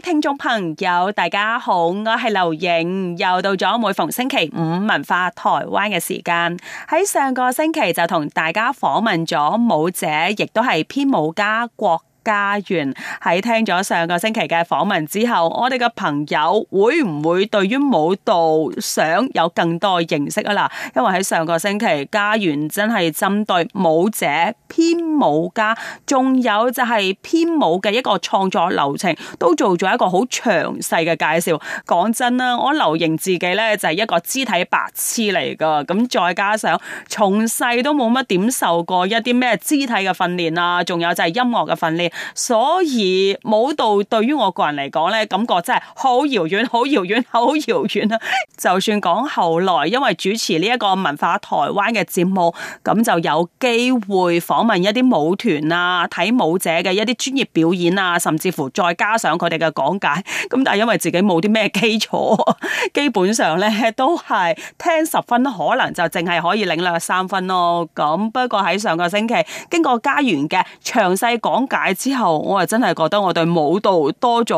聽眾朋友，大家好，我係劉穎，又到咗每逢星期五文化台灣嘅時間。喺上個星期就同大家訪問咗舞者，亦都係編舞家郭。嘉源，喺聽咗上個星期嘅訪問之後，我哋嘅朋友會唔會對於舞蹈想有更多認識啊？嗱，因為喺上個星期，嘉源真係針對舞者、編舞家，仲有就係編舞嘅一個創作流程，都做咗一個好詳細嘅介紹。講真啦，我劉瑩自己呢就係一個肢體白痴嚟噶，咁再加上從細都冇乜點受過一啲咩肢體嘅訓練啊，仲有就係音樂嘅訓練。所以舞蹈對於我個人嚟講咧，感覺真係好遙遠、好遙遠、好遙遠啊！就算講後來，因為主持呢一個文化台灣嘅節目，咁就有機會訪問一啲舞團啊，睇舞者嘅一啲專業表演啊，甚至乎再加上佢哋嘅講解。咁但係因為自己冇啲咩基礎，基本上咧都係聽十分，可能就淨係可以領略三分咯。咁不過喺上個星期，經過嘉源嘅詳細講解。之後我係真係覺得我對舞蹈多咗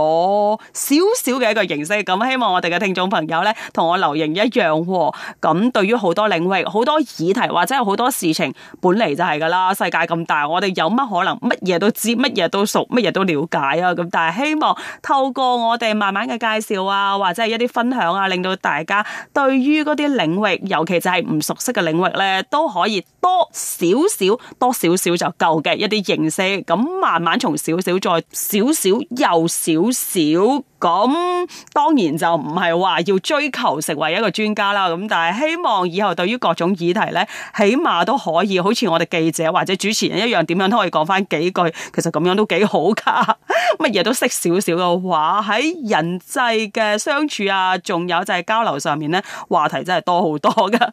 少少嘅一個認識，咁希望我哋嘅聽眾朋友呢，同我留言一樣、哦。咁對於好多領域、好多議題或者係好多事情，本嚟就係噶啦。世界咁大，我哋有乜可能乜嘢都知、乜嘢都熟、乜嘢都了解啊？咁但係希望透過我哋慢慢嘅介紹啊，或者係一啲分享啊，令到大家對於嗰啲領域，尤其就係唔熟悉嘅領域呢，都可以。多少少多少少就夠嘅一啲形式，咁慢慢從少少再少少又少少。咁當然就唔係話要追求成為一個專家啦，咁但係希望以後對於各種議題咧，起碼都可以好似我哋記者或者主持人一樣，點樣都可以講翻幾句。其實咁樣都幾好噶，乜嘢都識少少嘅話，喺人際嘅相處啊，仲有就係交流上面咧，話題真係多好多噶。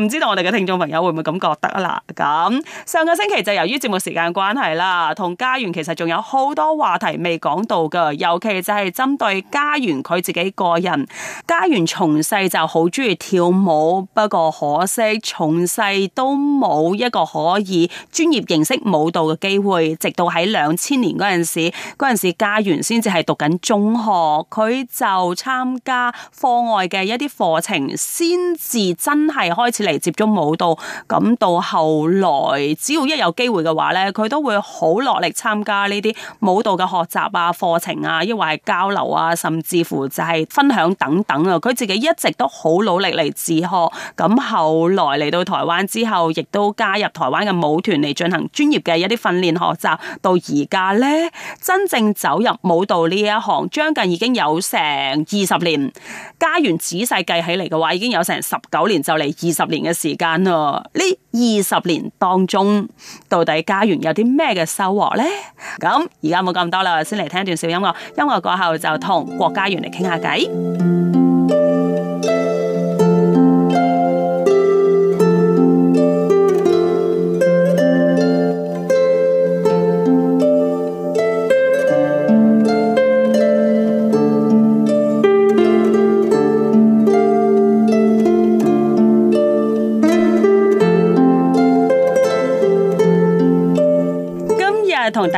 唔 知道我哋嘅聽眾朋友會唔會咁覺得啊？嗱，咁上個星期就由於節目時間關係啦，同嘉源其實仲有好多話題未講到噶，尤其就係針對嘉源佢自己個人，嘉源從細就好中意跳舞，不過可惜從細都冇一個可以專業認識舞蹈嘅機會。直到喺兩千年陣時，陣時嘉源先至係讀緊中學，佢就參加課外嘅一啲課程，先至真係開始嚟接觸舞蹈。咁到後來，只要一有機會嘅話咧，佢都會好落力參加呢啲舞蹈嘅學習啊、課程啊，抑或係交流。啊，甚至乎就係分享等等啊，佢自己一直都好努力嚟自學。咁後來嚟到台灣之後，亦都加入台灣嘅舞團嚟進行專業嘅一啲訓練學習。到而家咧，真正走入舞蹈呢一行，將近，近已經有成二十年。嘉源仔細計起嚟嘅話，已經有成十九年就嚟二十年嘅時間啦。呢二十年當中，到底嘉源有啲咩嘅收穫咧？咁而家冇咁多啦，先嚟聽一段小音樂。音樂過後就。就同郭嘉源嚟傾下偈。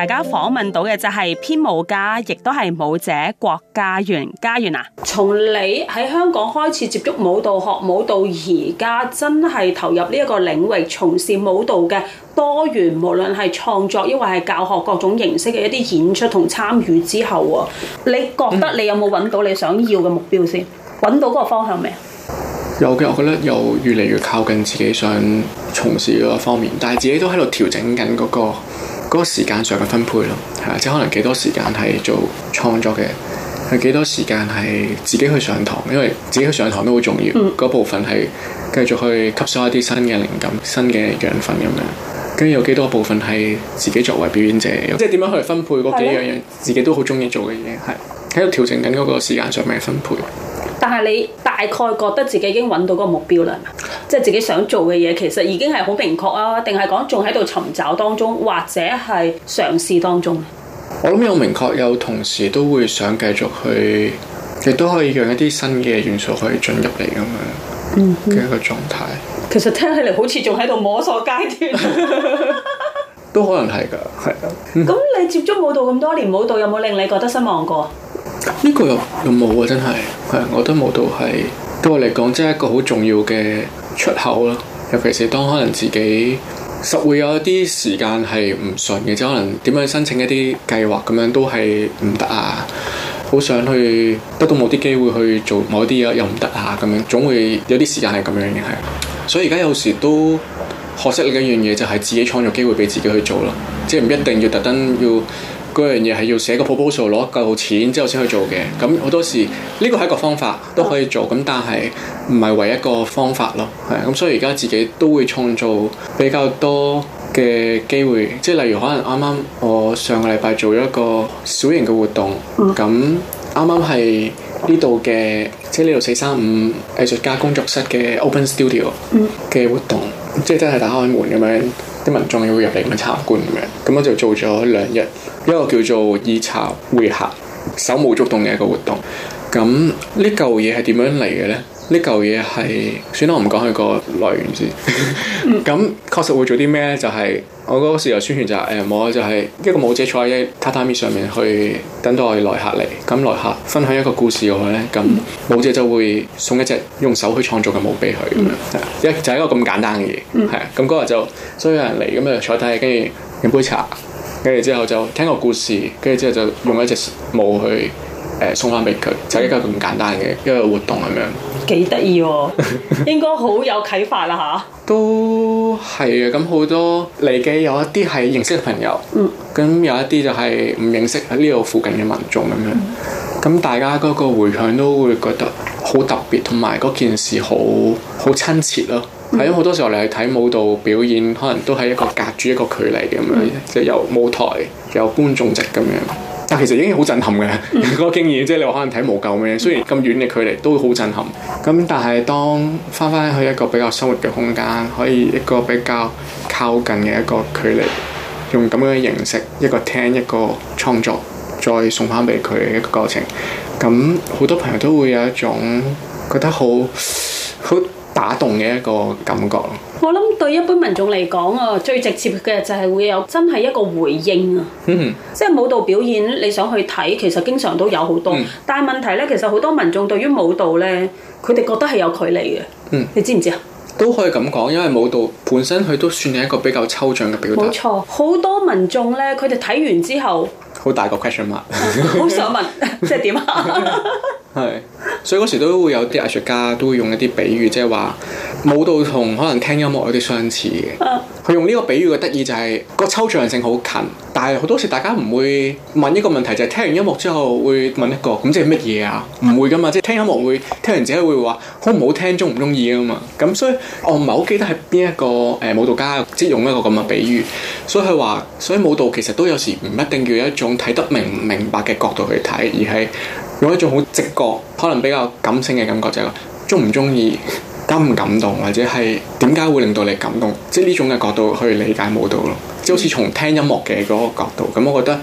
大家訪問到嘅就係編舞家，亦都係舞者郭嘉源。嘉源啊，從你喺香港開始接觸舞蹈學、學舞蹈，而家，真係投入呢一個領域從事舞蹈嘅多元，無論係創作，亦或係教學各種形式嘅一啲演出同參與之後啊，你覺得你有冇揾到你想要嘅目標先？揾到嗰個方向未？有嘅，我覺得又越嚟越靠近自己想從事嗰個方面，但係自己都喺度調整緊嗰、嗰個。嗰個時間上嘅分配咯，係，即係可能幾多時間係做創作嘅，係幾多時間係自己去上堂，因為自己去上堂都好重要。嗰、嗯、部分係繼續去吸收一啲新嘅靈感、新嘅養分咁樣，跟住有幾多部分係自己作為表演者，嗯、即係點樣去分配嗰幾樣樣自己都好中意做嘅嘢，係喺度調整緊嗰個時間上面嘅分配。但係你，大概覺得自己已經揾到個目標啦，即係自己想做嘅嘢其實已經係好明確啊，定係講仲喺度尋找當中，或者係嘗試當中。我諗有明確，有同事都會想繼續去，亦都可以讓一啲新嘅元素去進入嚟咁樣嘅一個狀態。其實聽起嚟好似仲喺度摸索階段， 都可能係㗎，係啊、嗯。咁你接觸舞蹈咁多年，舞蹈有冇令你覺得失望過？呢個又又冇啊！真係，係我都冇到係，對我嚟講，真係一個好重要嘅出口啦。尤其是當可能自己實會有一啲時間係唔順嘅，即係可能點樣申請一啲計劃咁樣都係唔得啊！好想去得到某啲機會去做某啲嘢，又唔得啊！咁樣總會有啲時間係咁樣嘅，係。所以而家有時都學識咗一樣嘢，就係自己創造機會俾自己去做咯，即係唔一定要特登要。嗰樣嘢係要寫個 proposal 攞夠錢之後先去做嘅，咁好多時呢個係一個方法都可以做，咁但係唔係唯一一個方法咯。係咁，所以而家自己都會創造比較多嘅機會，即係例如可能啱啱我上個禮拜做咗一個小型嘅活動，咁啱啱係呢度嘅，即係呢度四三五藝術家工作室嘅 Open Studio 嘅活動，嗯、即係真係打開門咁樣。啲民眾要入嚟個茶館咁樣，咁我就做咗兩日，一個叫做以茶會客、手舞足蹈嘅一個活動。咁呢嚿嘢係點樣嚟嘅咧？呢嚿嘢係，算啦，我唔講佢個來源先。咁確實會做啲咩咧？就係我嗰時候宣傳就係，誒冇啊就係一個舞者坐喺榻榻米上面去等待我哋來客嚟。咁來客分享一個故事嘅話呢，咁舞者就會送一隻用手去創造嘅舞俾佢，咁就係一個咁簡單嘅嘢，係咁，嗰日就所以有人嚟，咁啊坐低，跟住飲杯茶，跟住之後就聽個故事，跟住之後就用一隻舞去誒送翻俾佢，就一個咁簡單嘅一個活動咁樣。幾得意喎， 應該好有啟發啦嚇？都係嘅，咁好多嚟嘅有一啲係認識嘅朋友，咁、嗯、有一啲就係唔認識喺呢度附近嘅民眾咁樣。咁、嗯、大家嗰個回響都會覺得好特別，同埋嗰件事好好親切咯。係啊、嗯，好多時候你去睇舞蹈表演，可能都係一個隔住一個距離咁樣，即、嗯嗯、由舞台由觀眾席咁樣。但其實已經好震撼嘅嗰 個經驗，即係你話可能睇冇夠咩？雖然咁遠嘅距離都會好震撼。咁但係當翻翻去一個比較生活嘅空間，可以一個比較靠近嘅一個距離，用咁樣嘅形式，一個聽一個創作，再送翻俾佢嘅一個過程，咁好多朋友都會有一種覺得好好打動嘅一個感覺咯。我諗對一般民眾嚟講啊，最直接嘅就係會有真係一個回應啊， 即係舞蹈表演你想去睇，其實經常都有好多，嗯、但係問題咧，其實好多民眾對於舞蹈咧，佢哋覺得係有距離嘅，嗯、你知唔知啊？都可以咁講，因為舞蹈本身佢都算係一個比較抽象嘅表達。冇錯，好多民眾咧，佢哋睇完之後，好大個 question mark，好 想問，即係點啊？ 係，所以嗰時都會有啲藝術家都會用一啲比喻，即係話舞蹈同可能聽音樂有啲相似嘅。佢用呢個比喻嘅得意就係、是、個抽象性好近，但係好多時大家唔會問呢個問題，就係、是、聽完音樂之後會問一個咁即係乜嘢啊？唔會噶嘛，即係聽音樂會聽完之後會話好唔好聽，中唔中意噶嘛。咁所以我唔係好記得係邊一個誒、呃、舞蹈家即係用一個咁嘅比喻，所以佢話所以舞蹈其實都有時唔一定要一種睇得明明白嘅角度去睇，而係。用一種好直覺，可能比較感性嘅感覺、就係，就係中唔中意，感唔感動，或者係點解會令到你感動，即係呢種嘅角度去理解舞蹈咯。即係好似從聽音樂嘅嗰個角度，咁我覺得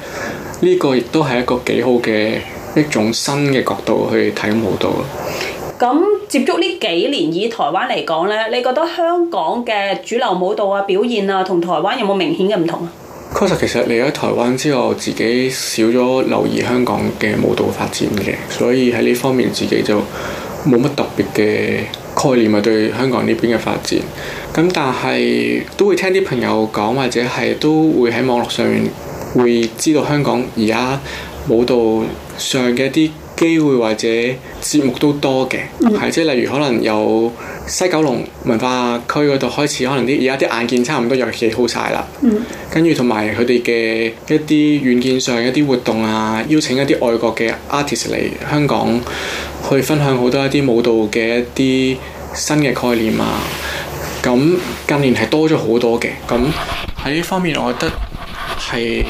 呢個亦都係一個幾好嘅一種新嘅角度去睇舞蹈咯。咁接觸呢幾年以台灣嚟講呢，你覺得香港嘅主流舞蹈啊表現啊，同台灣有冇明顯嘅唔同啊？確實，其實嚟咗台灣之後，自己少咗留意香港嘅舞蹈發展嘅，所以喺呢方面自己就冇乜特別嘅概念啊對香港呢邊嘅發展。咁但係都會聽啲朋友講，或者係都會喺網絡上面會知道香港而家舞蹈上嘅一啲。機會或者節目都多嘅，係即係例如可能有西九龍文化區嗰度開始，可能啲而家啲硬件差唔多又起好晒啦。嗯、跟住同埋佢哋嘅一啲軟件上一啲活動啊，邀請一啲外國嘅 artist 嚟香港去分享好多一啲舞蹈嘅一啲新嘅概念啊。咁近年係多咗好多嘅，咁喺呢方面我覺得係。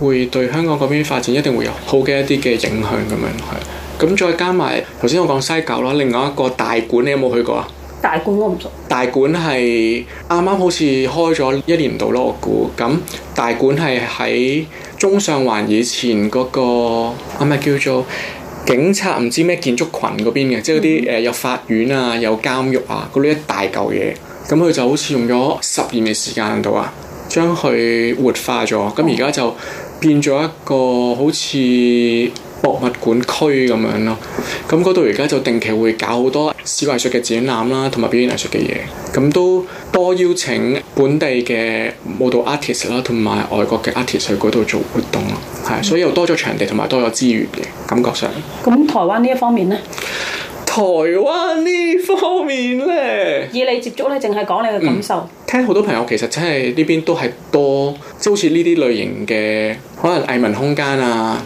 會對香港嗰邊發展一定會有好嘅一啲嘅影響咁樣係，咁、嗯、再加埋頭先我講西九啦，另外一個大館你有冇去過啊？大館我唔熟。大館係啱啱好似開咗一年度咯，我估。咁大館係喺中上環以前嗰、嗰個啊，唔係叫做警察唔知咩建築群嗰邊嘅，即係嗰啲誒有法院啊、有監獄啊嗰啲一大嚿嘢。咁佢就好似用咗十年嘅時間度啊，將佢活化咗。咁而家就～、嗯變咗一個好似博物館區咁樣咯，咁嗰度而家就定期會搞好多視覺藝術嘅展覽啦、啊，同埋表演藝術嘅嘢，咁都多邀請本地嘅舞蹈 artist 啦、啊，同埋外國嘅 artist 去嗰度做活動咯，係，所以又多咗場地同埋多咗資源嘅感覺上。咁台灣呢一方面呢？台灣呢方面呢，以你接觸呢，淨係講你嘅感受。嗯、聽好多朋友其實真係呢邊都係多，即好似呢啲類型嘅，可能藝文空間啊，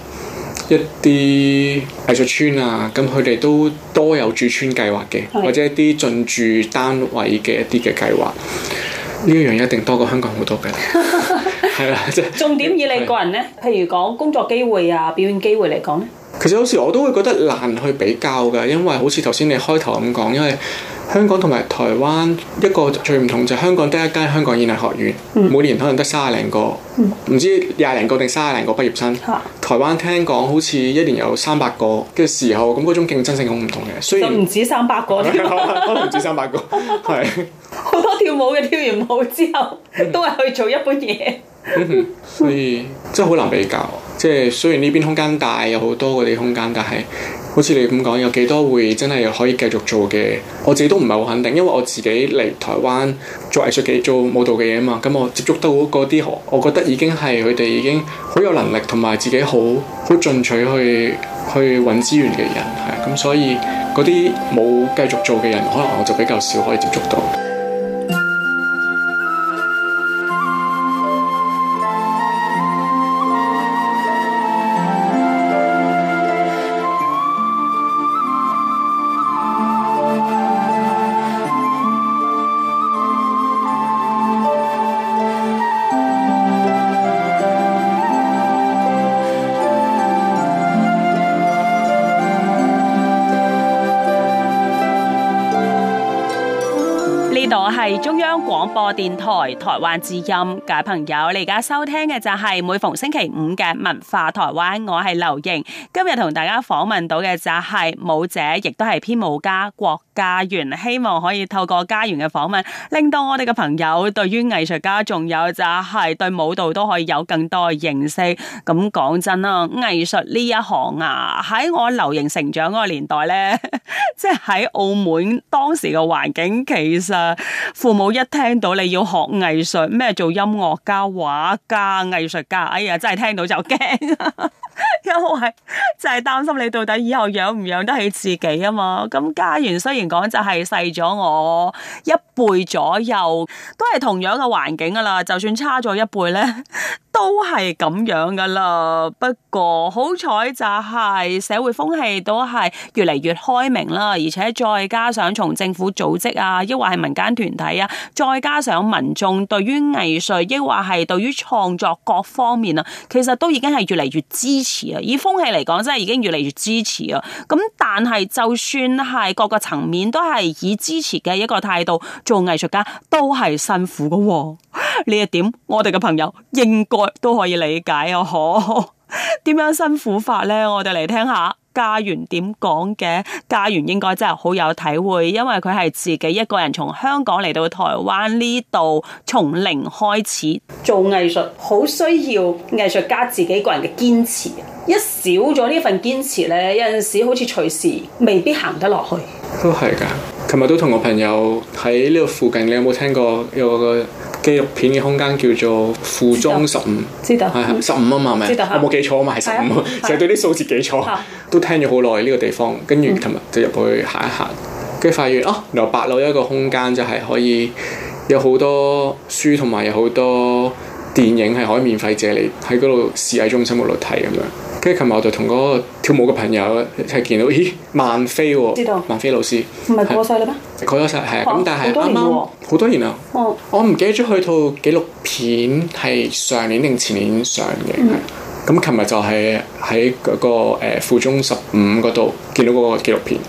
一啲藝術村啊，咁佢哋都多有駐村計劃嘅，是或者一啲進駐單位嘅一啲嘅計劃。呢一樣一定多過香港好多嘅。 係啦，即重點以你個人咧，譬是如講工作機會啊、表演機會嚟講咧，其實有時我都會覺得難去比較噶，因為好似頭先你開頭咁講，因為香港同埋台灣一個最唔同就係香港得一間香港演藝學院，嗯、每年可能得三十零個，唔、嗯、知廿零個定三十零個畢業生。啊、台灣聽講好似一年有三百個嘅時候，咁嗰種競爭性好唔同嘅，雖然唔止三百個， 個，唔止三百個，係 好多跳舞嘅跳完舞之後都係去做一般嘢。嗯、所以真係好難比較，即係雖然呢邊空間大，有好多嗰啲空間，但係好似你咁講，有幾多會真係可以繼續做嘅？我自己都唔係好肯定，因為我自己嚟台灣做藝術嘅，做舞蹈嘅嘢啊嘛，咁我接觸到嗰啲，我覺得已經係佢哋已經好有能力，同埋自己好好進取去去搵資源嘅人，係咁，所以嗰啲冇繼續做嘅人，可能我就比較少可以接觸到。電台台灣之音各位朋友，你而家收聽嘅就係每逢星期五嘅文化台灣，我係劉瑩，今日同大家訪問到嘅就係舞者，亦都係編舞家郭。家園，希望可以透過家園嘅訪問，令到我哋嘅朋友對於藝術家，仲有就係對舞蹈都可以有更多嘅認識。咁講真啊，藝術呢一行啊，喺我流行成長嗰個年代呢，即係喺澳門當時嘅環境，其實父母一聽到你要學藝術，咩做音樂家、畫家、藝術家，哎呀，真係聽到就驚。 因為就係擔心你到底以後養唔養得起自己啊嘛，咁嘉源雖然講就係細咗我一倍左右，都係同樣嘅環境噶啦，就算差咗一倍咧，都係咁樣噶啦。不過好彩就係社會風氣都係越嚟越開明啦，而且再加上從政府組織啊，抑或係民間團體啊，再加上民眾對於藝術抑或係對於創作各方面啊，其實都已經係越嚟越支持。以風氣嚟講，真係已經越嚟越支持啊！咁但係就算係各個層面都係以支持嘅一個態度做藝術家，都係辛苦㗎喎。呢一點我哋嘅朋友應該都可以理解啊！嗬，點樣辛苦法呢？我哋嚟聽下。家園點講嘅？家園應該真係好有體會，因為佢係自己一個人從香港嚟到台灣呢度，從零開始做藝術，好需要藝術家自己個人嘅堅持。一少咗呢份堅持呢，有陣時好似隨時未必行得落去。都係㗎。琴日都同我朋友喺呢個附近，你有冇聽過有個紀錄片嘅空間叫做附中十五？知道，係十五啊嘛，係咪？知道，我冇記錯啊嘛，係十五，成日對啲數字記錯。都聽咗好耐呢個地方，跟住琴日就入去行一行，跟住發現哦，原來八樓有一個空間就係可以有好多書同埋有好多電影係可以免費借嚟喺嗰度視藝中心嗰度睇咁樣。跟住琴日我就同嗰個跳舞嘅朋友一齊見到，咦萬飛喎，萬飛、哦、道老師唔係過世啦咩？過咗世係咁，但係好多年喎，好多年啊。哦、我唔記得咗佢套紀錄片係上年定前年上映。咁琴日就係喺嗰個誒附、呃、中十五嗰度見到嗰個紀錄片，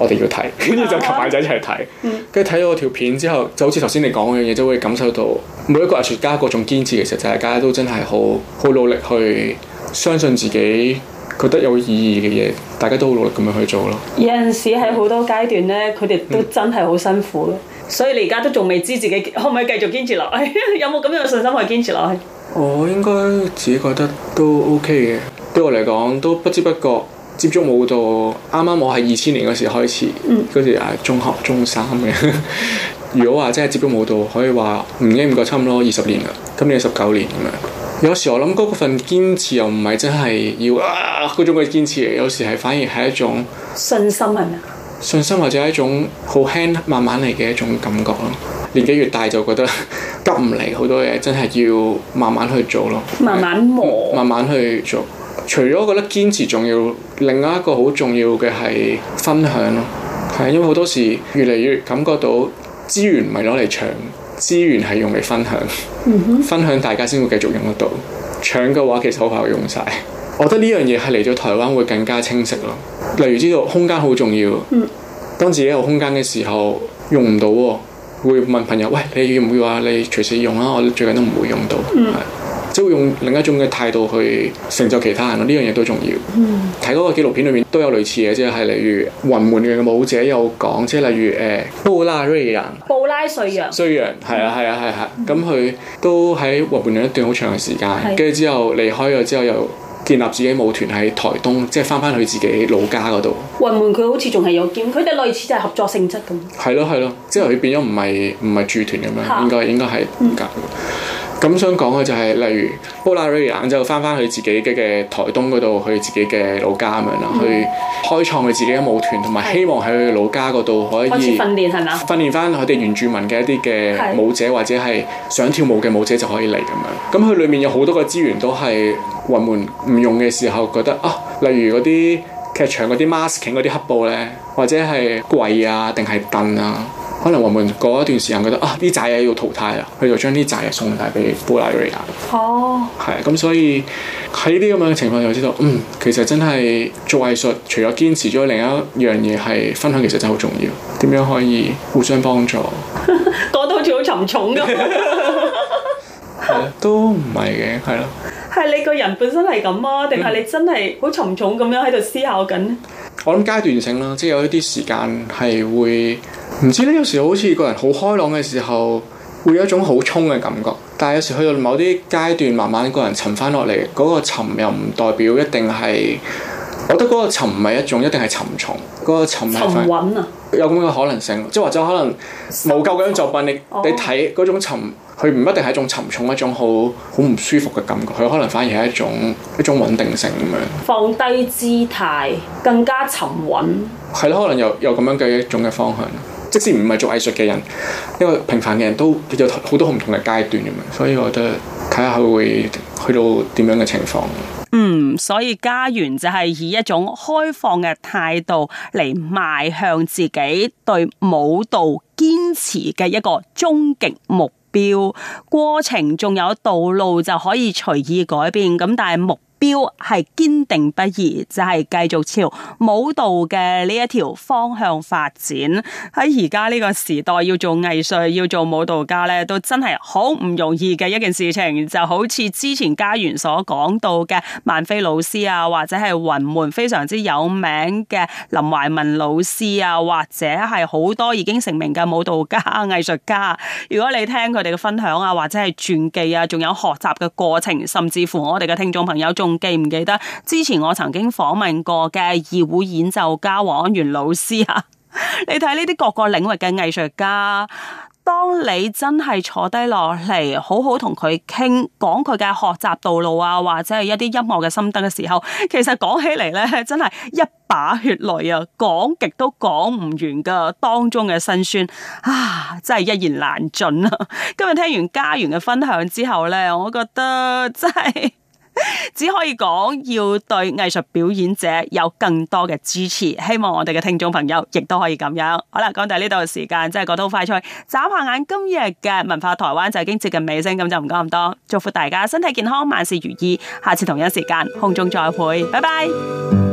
我哋要睇，跟住、嗯、 就埋仔一齊睇。跟住睇咗條片之後，就好似頭先你講嘅嘢，都會感受到每一個藝術家嗰種堅持，其、就、實、是、大家都真係好好努力去。相信自己，覺得有意義嘅嘢，大家都好努力咁樣去做咯。有陣時喺好多階段呢，佢哋、嗯、都真係好辛苦嘅。所以你而家都仲未知自己可唔可以繼續堅持落去，有冇咁樣嘅信心可以堅持落去？我應該自己覺得都 OK 嘅。對我嚟講，都不知不覺接觸舞蹈。啱啱我係二千年嗰時開始，嗰、嗯、時係中學中三嘅。 如果話真係接觸舞蹈，可以話唔經唔覺差唔多二十年啦，今年十九年咁樣。有時我諗嗰份堅持又唔係真係要啊嗰種嘅堅持，嚟，有時係反而係一種信心係咪？信心或者係一種好輕慢慢嚟嘅一種感覺咯。年紀越大就覺得急唔嚟好多嘢，真係要慢慢去做咯。慢慢磨，慢慢去做。除咗覺得堅持重要，另外一個好重要嘅係分享咯。係因為好多時越嚟越感覺到資源唔係攞嚟搶。資源係用嚟分享，嗯、哼分享大家先會繼續用得到。搶嘅話，其實好快會用晒。我覺得呢樣嘢係嚟咗台灣會更加清晰咯。例如知道空間好重要，嗯、當自己有空間嘅時候用唔到，會問朋友：喂，你要唔要話、啊、你隨時用啊？我最近都唔會用到。嗯即會用另一種嘅態度去成就其他人咯，呢樣嘢都重要。睇嗰個紀錄片裏面都有類似嘅，即係例如雲門嘅舞者有講，即係例如誒布拉瑞人、布拉瑞陽、瑞陽，係啊係啊係啊。咁佢都喺雲門做一段好長嘅時間，跟住之後離開咗之後，又建立自己舞團喺台東，即係翻翻去自己老家嗰度。雲門佢好似仲係有兼，佢哋類似就係合作性質咁。係咯係咯，之後佢變咗唔係唔係駐團咁樣，應該應該係隔。咁想講嘅就係，例如布拉瑞揚就翻翻去自己嘅台東嗰度，去自己嘅老家咁樣啦，嗯、去開創佢自己嘅舞團，同埋希望喺佢老家嗰度可以訓練係嘛？訓練翻佢哋原住民嘅一啲嘅舞者，的或者係想跳舞嘅舞者就可以嚟咁樣。咁佢裏面有好多嘅資源都係雲門，唔用嘅時候，覺得啊，例如嗰啲劇場嗰啲 masking 嗰啲黑布咧，或者係櫃啊，定係凳啊。可能我們過一段時間覺得啊啲渣嘢要淘汰啦，佢就將啲渣嘢送曬俾布拉利亞哦，係咁、oh.，所以喺呢啲咁樣嘅情況就知道，嗯，其實真係做藝術，除咗堅持咗另一樣嘢係分享，其實真係好重要。點樣可以互相幫助？講到 好似好沉重咁。係 咯、 啊，都唔係嘅，係咯。係 你個人本身係咁啊？定係你真係好沉重咁樣喺度思考緊咧？ 我諗階段性啦，即係有一啲時間係會。唔知呢？有時好似個人好開朗嘅時候，會有一種好衝嘅感覺。但係有時去到某啲階段，慢慢個人沉翻落嚟，嗰個沉又唔代表一定係。我覺得嗰個沉唔係一種一定係沉重，嗰個沉係沉穩啊。有咁嘅可能性，即係或者就可能冇夠咁樣作品。你你睇嗰種沉，佢唔一定係一種沉重，一種好好唔舒服嘅感覺。佢可能反而係一種一種穩定性咁樣。放低姿態，更加沉穩。係咯，可能有有咁樣嘅一種嘅方向。即使唔係做藝術嘅人，因為平凡嘅人都有好多唔同嘅階段咁樣，所以我覺得睇下佢會去到點樣嘅情況。嗯，所以嘉源就係以一種開放嘅態度嚟邁向自己對舞蹈堅持嘅一個終極目標。過程仲有道路就可以隨意改變咁，但係目標係堅定不移，就係、是、繼續朝舞蹈嘅呢一條方向發展。喺而家呢個時代，要做藝術、要做舞蹈家咧，都真係好唔容易嘅一件事情。就好似之前嘉源所講到嘅，萬飛老師啊，或者係雲門非常之有名嘅林懷民老師啊，或者係好多已經成名嘅舞蹈家、藝術家。如果你聽佢哋嘅分享啊，或者係傳記啊，仲有學習嘅過程，甚至乎我哋嘅聽眾朋友仲。記唔記得之前我曾經訪問過嘅二胡演奏家黃安源老師啊？ 你睇呢啲各個領域嘅藝術家，當你真係坐低落嚟，好好同佢傾，講佢嘅學習道路啊，或者係一啲音樂嘅心得嘅時候，其實講起嚟呢，真係一把血淚啊，講極都講唔完噶當中嘅辛酸啊，真係一言難盡啊。今日聽完嘉源嘅分享之後呢，我覺得真係。 只可以講要對藝術表演者有更多嘅支持，希望我哋嘅聽眾朋友亦都可以咁樣。好啦，講到呢度嘅時間真係過得好快脆，眨下眼今日嘅文化台灣就已經接近尾聲，咁就唔講咁多，祝福大家身體健康，萬事如意，下次同一時間空中再會，拜拜。